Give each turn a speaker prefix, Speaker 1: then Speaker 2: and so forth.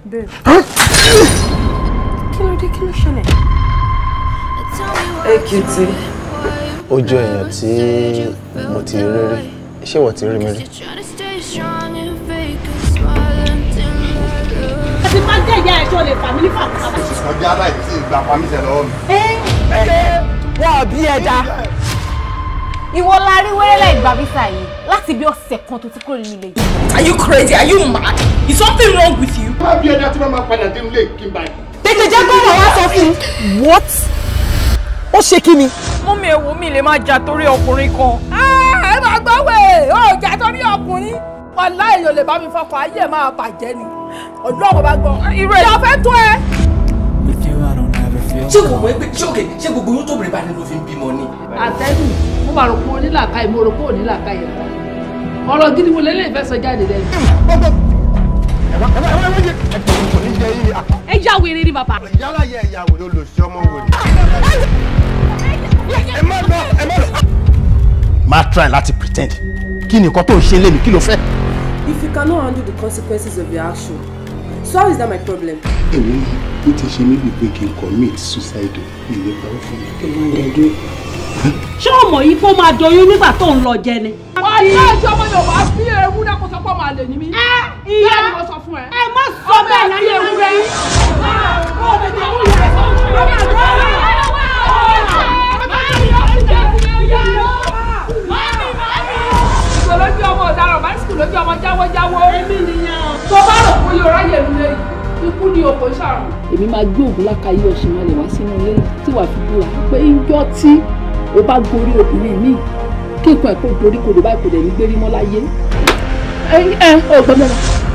Speaker 1: kí ló dé kí ló ṣẹlẹ̀. èkìtì ojú èèyàn tí mo ti rí rí ṣé wọ́n ti rí mi rí. ẹbí máa ń jẹ́ ìyá ẹjọ́ lè fà mí nípa àbúrò. ọjọ́ ìwọ la rí wẹ́rẹ́ láì gba visa yìí láti kan tó ti kúrò nínú ilé are you crazy are you mad is something wrong with you. má bí ẹni àti máa máa padà dé ilé kí tètè jẹ́ gbọ́dọ̀ wá sọ fún un. what ó ṣe kí ni. mú mi èwo mi lè máa jà torí ọkùnrin kan. Ah, ẹ máa gbọ́ wẹ̀ ọ́ jà torí ọkùnrin. wàhálà èèyàn lè bá mi fọkàn ayé ẹ̀ máa bàjẹ́ ni ọ̀dọ́ ọ̀bá gbọ́. irú ẹ̀ ṣé kò mọ̀ pé ṣé òkè ṣé gbogbo yóò tóbi rẹ̀ bá ní ló fi ń bímọ ni. àtẹ́lù mo máa rò pé onílàka yìí mo rò pé onílàka yìí ọ̀rọ̀ gidi wo lélẹ́yìn fẹ́ sọ jáde lẹ́nu. ẹ já wèrè ni bàbá. yálà yẹ ẹ̀yà wèrè olùsí ọmọ wèrè. ẹ má lọ ẹ má lọ. máa try láti pretend kí ni nǹkan tó ń ṣe lémi kí ló fẹ́. if you cannot handle the consequences of your action so how is that my problem. èwo ni ó ti ṣe níbi pé kí commit suicide ìwé pa ó fún mi. kí ló ń dẹdú. ṣé ọmọ yìí kó máa doyún nígbà tó ń lọ jẹ ni. wàá ní ẹjọ́ ọmọ yorùbá bí ewu náà kó sọ pé ọmọ àlè ni mí. ẹ ìyá ẹ mọ kò ń ṣàrùn. èmi máa gbé ògùn lákàyè ọ̀sìn máa lè wá sínú ilé tí wàá fi búra pé ijọ́ tí o bá gorí obìnrin mi kíkan ẹ̀kọ́ dorí kodò báyìí kò dẹ̀ ní gbérí mọ́ láyé. ẹ ẹ ọgbọ́n mẹ́ta.